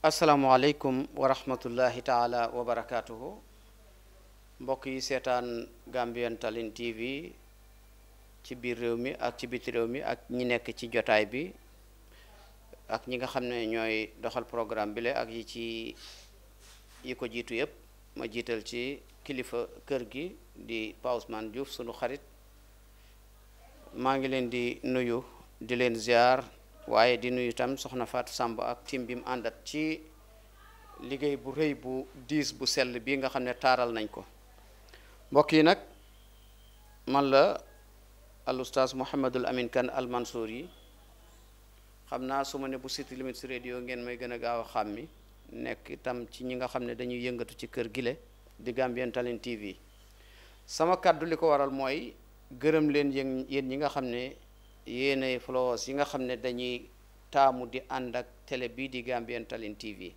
asalaamualeykum wa rahmatullahi taala wa mbokk yi seetaan Gambian Talents TV ci biir réew mi ak ci biti réew mi ak ñi nekk ci jotaay bi ak ñi nga xam ne ñooy doxal programme bi le ak yi ci yi ko jiitu yépp ma jiital ci kilifa kër gi di Pa Ousmane Diouf sunu xarit maa ngi leen di nuyu di leen ziar waaye di nuyu itam soxna Fatou Samb ak tim bi mu àndat ci liggéey bu rëy bu diis bu sell bii nga xam ne taaral nañ ko mbokk yi nag man la al oustaz Mouhamadul Amin Kane al yi xam naa su ma ne bu site Limits Radio ngeen may gën a gaaw a mi nekk itam ci ñi nga xam ne dañuy yëngatu ci kër gile di Gambian Talent TV sama kàddu li ko waral mooy gërëm leen yéen ñi nga xam ne yéenay followers yi nga xam ne dañuy taamu di ànd ak télé bii di Gambian Talents TV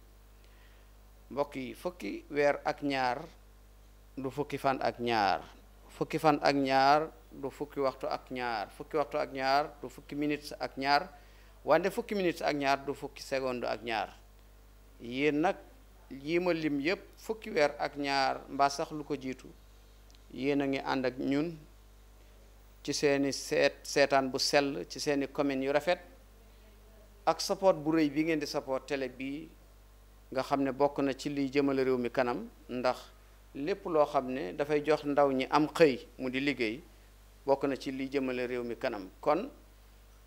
mbokk yi fukki weer ak ñaar du fukki fan ak ñaar fukki fan ak ñaar du fukki waxtu ak ñaar fukki ak ñaar du minutes ak ñaar wante fukki minutes ak ñaar du fukki seconde ak ñaar yéen nag yi ma lim yépp fukki weer ak ñaar mbaa sax lu ko jiitu yéen a ngi ànd ak ñun ci seeni seet seetaan bu sell ci seeni communes yu rafet ak support bu rëy bi ngeen di support télé bii nga xam ne bokk na ci liy jëmale réew mi kanam ndax lépp loo xam ne dafay jox ndaw ñi am xëy mu di liggéey bokk na ci liy jëmale réew mi kanam kon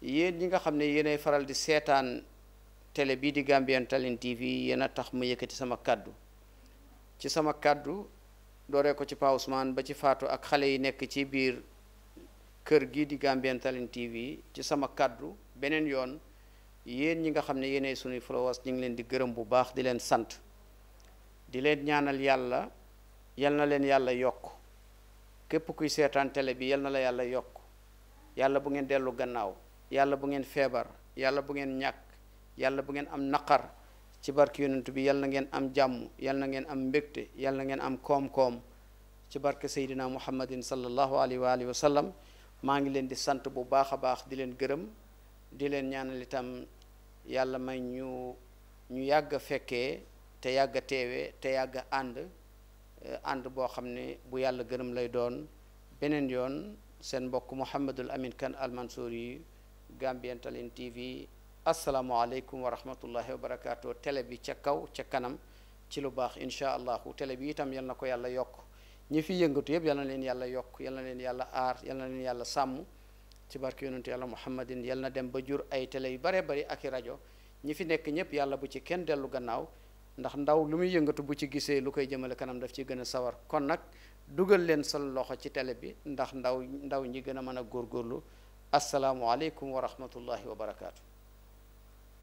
yéen ñi nga xam ne yéenay faral di seetaan tele bii di Gambian Talents TV yéen a tax mu yëkkati sama kàddu ci sama kàddu dooree ko ci Pa ba ci Faatu ak xale yi nekk ci biir kër gii di Gambian Talents TV ci sama kàddu beneen yoon yéen ñi nga xam ne yéenay sunuy followers ñu ngi leen di gërëm bu baax di leen sant di leen ñaanal yàlla yal na leen yàlla yokk képp kuy seetaan télé bi yal na la yàlla yokk yàlla bu ngeen dellu gannaaw yàlla bu ngeen feebar yàlla bu ngeen ñàkk yàlla bu ngeen am naqar ci barke yonent bi yal na ngeen am jàmm yal na ngeen am mbégte yàlla na ngeen am koom-koom ci barke Seydina Muhammadin sallallahu alayhi wa alihi wa sallam maa ngi leen di sant bu baax a baax di leen gërëm di leen ñaanal itam yàlla may ñu ñu yàgg a fekkee te yàgg a te yàgg ànd eh, ànd boo xam ne bu yàlla gërëm lay doon beneen yoon seen mbokk Mouhamadul Amin Kane Al Mansouri Gambian Talents TV asalaamualeykum wa rahmatullahi wa barakaatu télé bi ca kaw ca kanam ci lu baax incha allahu tele bi itam yal na ko yàlla yokk. ñi fi yëngatu yëpp yal na leen yàlla yokk yal na leen yàlla aar yal na leen yàlla sàmm ci barke yonentu yàlla muhammadin yal na dem ba jur ay télé yu bare bari ak i rajo ñi fi nekk ñëpp yàlla bu ci kenn dellu gannaaw ndax ndaw lu muy yëngatu bu ci gisee lu koy jëmale kanam daf ci gën a sawar kon nag dugal leen sa loxo ci tele bi ndax ndaw ndaw ñi gën a mën a góorgóorlu asalaamualeykum wa rahmatullahi wa barakaatu.